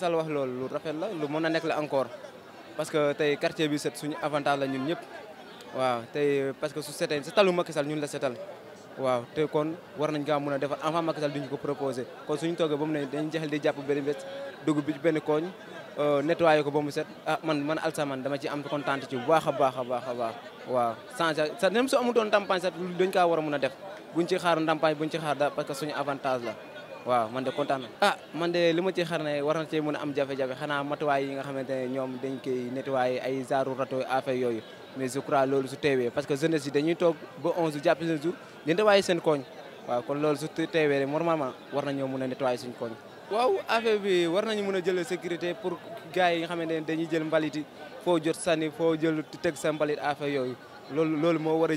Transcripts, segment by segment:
Sall wax loolu lu rafet la lu mën a nekk la encore parce que tey quartier bi set suñu avantage la ñun ñëpp waaw tey parce que su setee setalu Macky Sall ñun la setal waaw te kon war nañ kaa mun a defar avant Macky Sall duñu ko proposé kon suñu toogee ba mu ne dañu jeexal di benn bés dugg bi benn euh, ko ba mu set ah man man alsa man dama ci am kontaan ci bu baax a baax baax a baax waaw changé sa même su amutoon ndàmpaay sax dañ kaa war a mën a def buñ ci xaar ndàmpaay buñ ci xaar da parce que suñu avantage la waaw man de kontaan a ah man de li ma ci xar ne war na cee a am jafe-jafe xanaa matuwaay yi nga xamante ne ñoom dañ koy nettoyé ay genre rato yooyu mais je crois loolu su teewee parce que jeunesse yi dañuy toog ba 11 jàpp seen koñ waaw kon loolu su teewee normalement war nañoo mën a nettoyé suñ koñ waaw affaire bi war nañu mën a jël sécurité pour gars yi nga xamante ne dañuy jël mbalit foo jot sànni foo jël teg sa mbalit affaire yooyu loolu moo war a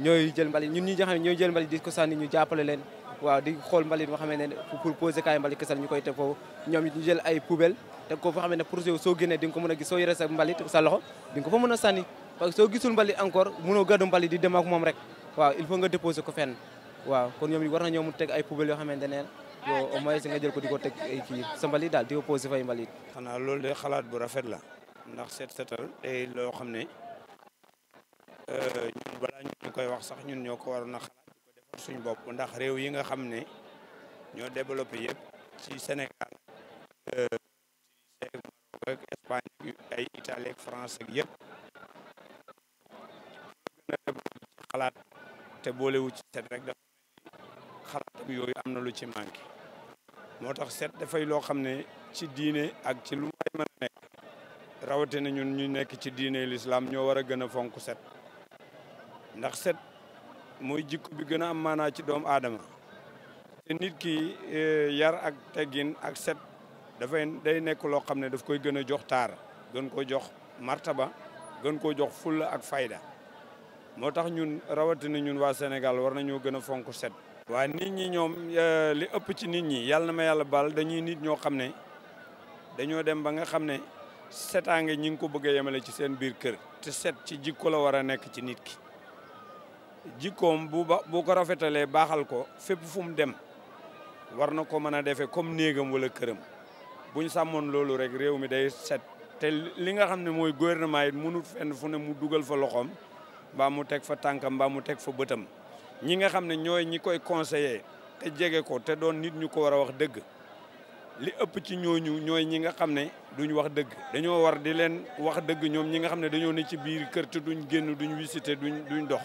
ñooy jël mbalit ñun ñi nga xam ñooy jël mbalit di ko sànni ñu jàppale leen waaw di xool mbalit boo xamee ne pour poser kaay mbalit kesal ñu koy teg foofu ñoom it ñu jël ay poubelle teg ko foo xamee ne pour yow soo génnee di nga ko mën a gis soo yore sa mbalit sa loxo di ko fa mën a sànni parce que soo gisul mbalit encore mënoo gàddu mbalit di dem ak moom rek waaw il faut nga déposer ko fen waaw kon ñoom it war na ñoo mu teg ay poubelle yoo xamante ne o au moins nga jël ko di ko teg ay kii sa mbalit daal di ko poser fay mbalit xanaa loolu de xalaat bu rafet la ndax seet seetal day loo xam ne euh, balaa ñu koy wax sax ñun ñoo ko waroon a xalaat di ko defar suñu bopp ndax réew yi nga xam ne ñoo développé yëpp ci Sénégal euh, Maroc ak Espagne ay Italie ak France ak te boolewu ci set rek dafa yooyu am na lu ci manqué moo tax set dafay loo xam ne ci diine ak ci lu waay mën a nekk rawatina ñun ñu nekk ci diine lislaam ñoo war a gën a fonk set ndax set moy jikko bi gëna am mana ci doom adama té nit ki e, yar ak teggin ak set fay day nekk lo xamné ne daf koy gëna jox tar gën ko jox martaba gën ko jox ful ak fayda motax ñun rawati ni ñun wa Sénégal war nañu gëna fonku set. wa nit ñi ñom e, li ëpp ci nit ñi yalla na ma yàlla baal dañuy nit ño xamné dañu dem ba nga xamné setangé ñing ko bëgg ci seen biir kër té set ci jikko la wara nekk ci nit ki. jikkoom bu ba bu ko rafetalee baaxal ko fépp fu mu dem war na ko mën a defee comme néegam wala këram buñ sàmmoon loolu rek réew mi day set te li nga xam ne mooy gouvernement yi mënut fenn fu ne mu dugal fa loxoom mbaa mu teg fa tànkam mbaa mu teg fa bëtam ñi nga xam ne ñooy ñi koy conseiller te jege ko te doon nit ñu ko war a wax dëgg li ëpp ci ñooñu ñooy ñi nga xam ne duñ wax dëgg dañoo war di leen wax dëgg ñoom ñi nga xam ne dañoo ne ci biir kër te duñ génn duñ visiter duñ duñ dox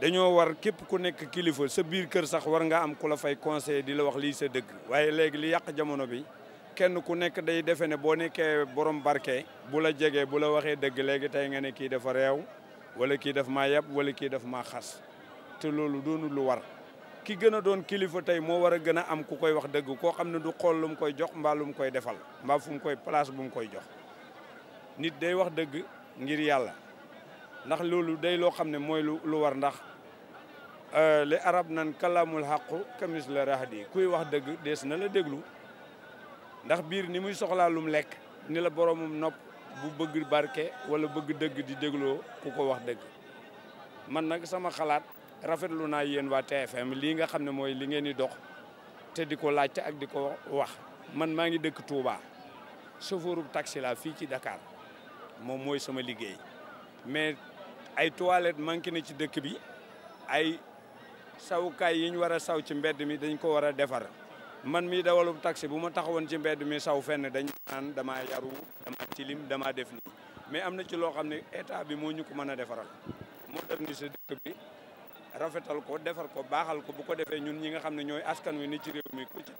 dañoo war képp ku nekk kilifa sa biir kër sax war nga am ku la fay conseil di la wax lii sa dëgg waaye léegi li yàq jamono bi kenn ku nekk day defe ne boo nekkee borom barke bu la jegee bu la waxee dëgg léegi tey nga ne kii dafa réew wala kii daf maa yab wala kii daf maa xas te loolu doonu lu war ki gën a doon kilifa tey moo war a gën a am ku koy wax dëgg koo xam ne du xool lu mu koy jox mbaa lu mu koy defal mbaa fu mu koy place bu mu koy jox nit day wax dëgg yàlla ndax loolu day loo xam ne mooy lu lu war ndax euh, li arab nan kalaamul xàqu kamis la rahdi kuy wax dëgg dees na la déglu ndax biir ni muy soxlaa lum lekk ni la boromum nopp bu bëgg barke wala bëgg dëgg di dégloo ku ko wax dëgg man nag sama xalaat rafetlu naa yéen waa TFM lii nga xam ne mooy li ngeen di dox te di ko laajte ak di ko wax man maa ngi dëkk Touba chauffeurub taxi la fii ci dakaar moom mooy sama liggéey mais ay toilette manqué na ci dëkk bi ay sawukaay yi ñu war a saw ci mbedd mi dañ ko war a defar man mi dawalub taxi bu ma taxawoon ci mbedd mi saw fenn dañ naan damaa yaru damaa tilim damaa def nii mais am na ci loo xam ne état bi moo ñu ko mën a defaral moderniser dëkk bi rafetal ko defar ko baaxal ko bu ko defee ñun ñi nga xam ne ñooy askan wi ni ci réew mi ku ci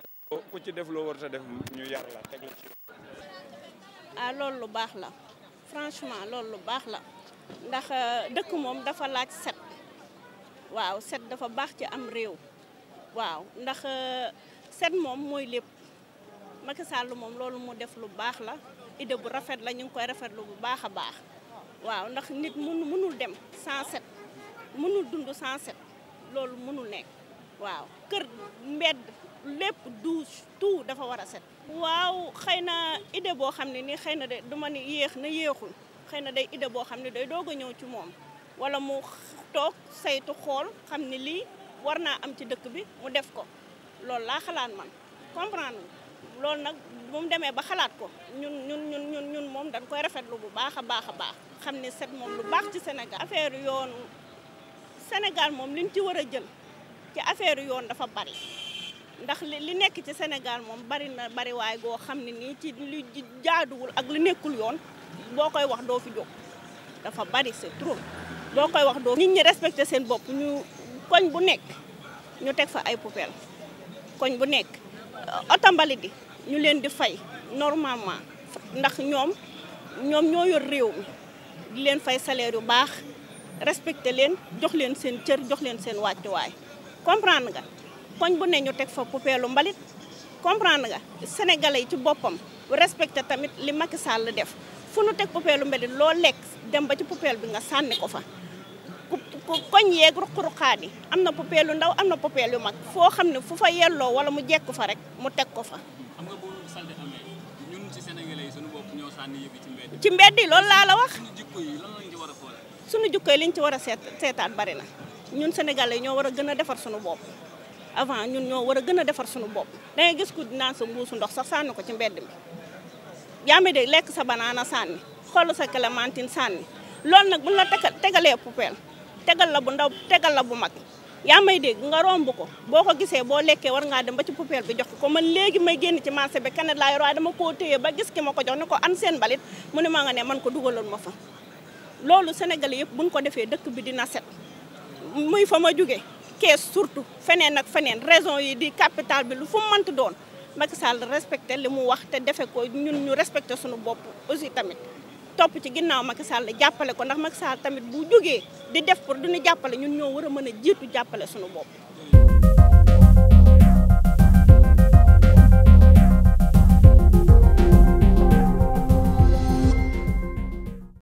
ku ci def loo war a def ñu yar la teg la ci ah loolu lu baax la franchement loolu lu baax la ndax euh, dëkk moom dafa laaj set waaw set dafa baax ci am réew waaw ndax euh, set moom mooy lépp Macky Sall moom loolu mu def lu baax la idée bu rafet la ñu ngi koy rafetlu bu baax a baax waaw ndax nit mun mënul dem sans set mënul dund sans set loolu mënul nekk waaw kër mbedd lépp douche tout dafa war a set waaw xëy na idée boo xam ne ni xëy na de duma ni yéex na yéexul xëy na day idée boo xam ne day doog a ñëw ci moom wala mu toog saytu xool xam ni lii war naa am ci dëkk bi mu def ko loolu laa xalaat man comprendre loolu nag bu mu demee ba xalaat ko ñun ñun ñun ñun moom dañ koy rafetlu bu baax a baax a baax xam ne set moom lu baax ci Sénégal affaire yoon Sénégal moom liñ ci war a jël ci affaire yoon dafa bari ndax li nekk ci Sénégal moom bari na bari waay goo xam ne nii ci lu jaaduwul ak lu nekkul yoon boo koy wax doo fi jóg dafa bari c'est trop boo koy wax doo nit ñi respecté seen bopp ñu koñ bu nekk ñu teg fa ay poubelle koñ bu nekk oto mbalit ñu leen di fay normalement ndax ñoom ñoom ñoo yor réew mi di leen fay salaire yu baax respecté leen jox leen seen cër jox leen seen wàccuwaay comprendre nga koñ bu ne ñu teg fa poubelle mbalit comprendre nga sénégalais yi ci boppam respecté tamit li mag Sall def fu nu teg poubelle mbalit loo lekk dem ba ci poubelle bi nga sànni ko fa koñ yeeg ruq-ruqaat am na poubelle yu ndaw am na poubelle yu mag foo xam ne fu fa yelloo wala mu jekk fa rek mu teg ko fa xam nga bu salte amee ñun ci sénégalais yi suñu ñoo sànni ci mbedd ci loolu laa la wax suñu jikko yi lan ci war a xool suñu jikko yi ci war a seet seetaat bari na ñun sénégalais yi ñoo war a gën a defar suñu bopp avant ñun ñoo war a gën a defar suñu bopp dangay gis ku dinaan sa mbuusu ndox sax sànni ko ci mbedd mi yaa ngi de lekk sa banaana sànni xool sa clémentine sànni loolu nag buñ la tegalee poubelle tegal la bu ndaw tegal la bu mag yaa may de nga romb ko boo ko gisee boo lekkee war ngaa dem ba ci poubelle bi jox ko man léegi may génn ci marché bi kanet laa yor waaye dama koo téye ba gis ki ma ko jox ne ko an seen balit mu ne maa nga ne man ko dugaloon ma fa loolu sénégalais yëpp buñ ko defee dëkk bi dina set muy fa ma jugee kees surtout feneen ak feneen raison yi di capital bi lu fu mënti doon Macky Sall respecté li mu wax te defe ko ñun ñu respecté suñu bopp aussi tamit topp ci ginnaaw Macky Sall jàppale ko ndax Macky Sall tamit bu jógee di def pour duñu jàppale ñun ñoo war a mën a jiitu jàppale suñu bopp